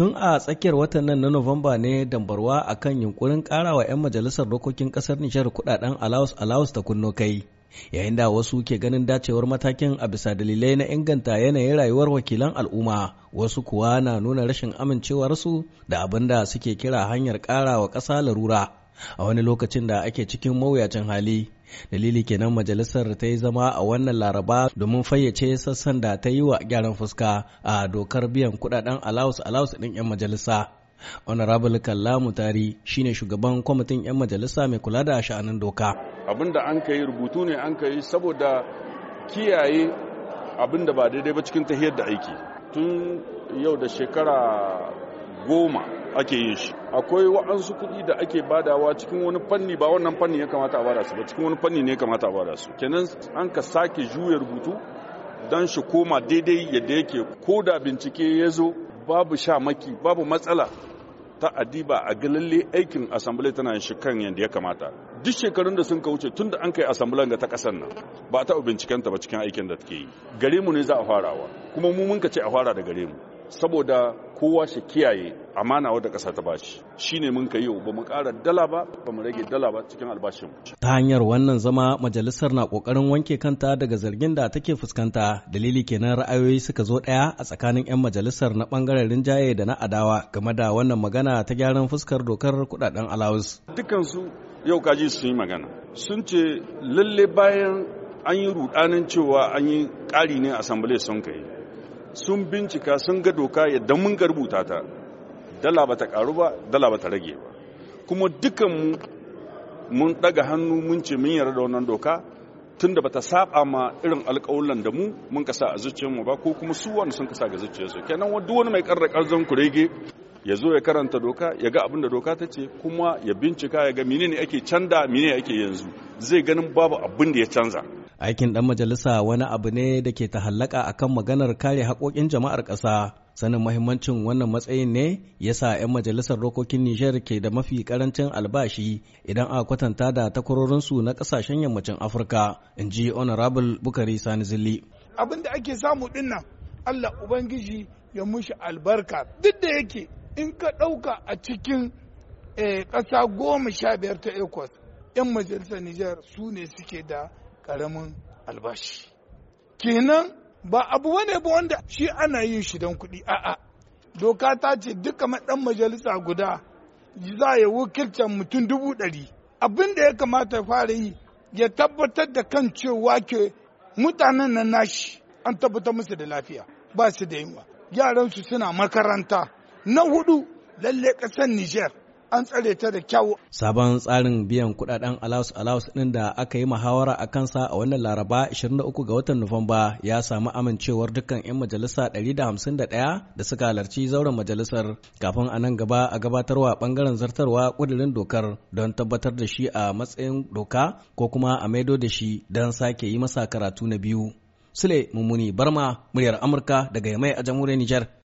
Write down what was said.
tun a tsakiyar watan nan na Nuwamba ne dambarwa akan yunkurin karawa 'yan majalisar dokokin kasar Nijar kudaden alaus alaus ta kunno kai. Yayin da wasu ke ganin dacewar matakin a bisa dalilai na inganta yanayin rayuwar wakilan al'umma, wasu kuwa na nuna rashin amincewarsu da abin da suke kira hanyar karawa ƙasa larura. a wani lokacin da ake cikin mawuyacin hali dalili kenan majalisar ta yi zama a wannan laraba domin fayyace sassan da ta yi wa gyaran fuska a dokar biyan kudaden alaus alaus din 'yan majalisa honorable kalla mutari shine shugaban kwamitin 'yan majalisa mai kula da sha'anin doka abinda da an ka yi rubutu ne an ka yi saboda kiyaye abin da ba daidai ba cikin tahiyar da aiki tun yau da shekara goma ake yin shi akwai wa'ansu kuɗi da ake badawa cikin wani fanni ba wannan fanni ya kamata a bada su ba cikin wani fanni ne ya kamata a bada su kenan an ka sake juya rubutu don shi koma daidai yadda yake ko da bincike ya zo babu maki babu matsala ta adiba a ga lalle aikin assembly tana shi kan yadda ya kamata duk shekarun da sun ka wuce tun da an kai assembly ga ta kasar nan ba ta binciken ta ba cikin aikin da take yi gare mu ne za a farawa kuma mu mun ka ce a fara da gare mu saboda kowa shi kiyaye amana wadda ƙasa ta bashi shine mun ka yi ba mu ƙara dala ba ba mu rage dala ba cikin albashin ta hanyar wannan zama majalisar na ƙoƙarin wanke kanta daga zargin da take fuskanta dalili kenan ra'ayoyi suka zo ɗaya a tsakanin 'yan majalisar na ɓangaren rinjaye da na adawa game da wannan magana ta gyaran fuskar dokar kuɗaɗen alawus dukansu yau kaji sun yi magana sun ce lalle bayan an yi rudanin cewa an yi ƙari ne a asambile sun kai sun bincika sun ga doka yadda mun ga ta dala ba ta karu ba dala ba ta rage ba kuma dukan mun daga hannu mun ce mun yarda da wannan doka tunda bata saba ma irin alƙawullan da mu mun kasa a zuciyarmu ba ko kuma su wani sun kasa ga zuciyarsu kenan duk wani mai karra karzon kurege ya zo ya karanta doka ya ga abin da doka ta ce kuma ya bincika ya ga menene ake canda menene ake yanzu zai ganin babu abin da ya canza Aikin ɗan majalisa wani abu ne da ke tahallaka a kan maganar kare haƙoƙin jama'ar ƙasa. Sanin mahimmancin wannan matsayin ne ya sa 'yan majalisar dokokin Nijar ke da mafi karancin albashi idan a kwatanta da takwarorinsu na ƙasashen yammacin Afirka, in ji Honorable Bukari Sani Zilli. Abin da ake samu ɗinnan Allah Ubangiji ya mushi albarka duk da yake in ka ɗauka a cikin eh, ƙasa goma sha biyar ta ECOWAS 'yan majalisar Nijar su ne suke da karamin albashi kenan ba abu wane ba wanda shi ana yin shi don kuɗi a'a doka ta ce duka ɗan majalisa guda za ya wakiltar mutum dubu ɗari abin da ya kamata ya fara yi ya tabbatar da kan cewa ke mutanen nan nashi an tabbatar musu da lafiya ba su da yunwa yaransu suna makaranta na hudu lalle ƙasar niger an tsare ta da kyau. Sabon tsarin biyan kudaden alaus alaus din da aka yi muhawara a kansa a wannan Laraba 23 ga watan Nuwamba ya samu amincewar dukkan 'yan majalisa 151 da suka halarci zauren majalisar kafin a nan gaba a gabatarwa bangaren zartarwa kudirin dokar don tabbatar da shi a matsayin doka ko kuma a maido da shi don sake yi masa karatu na biyu. Sule Mummuni Barma, muryar Amurka daga Yamai a jamhuriyar Nijar.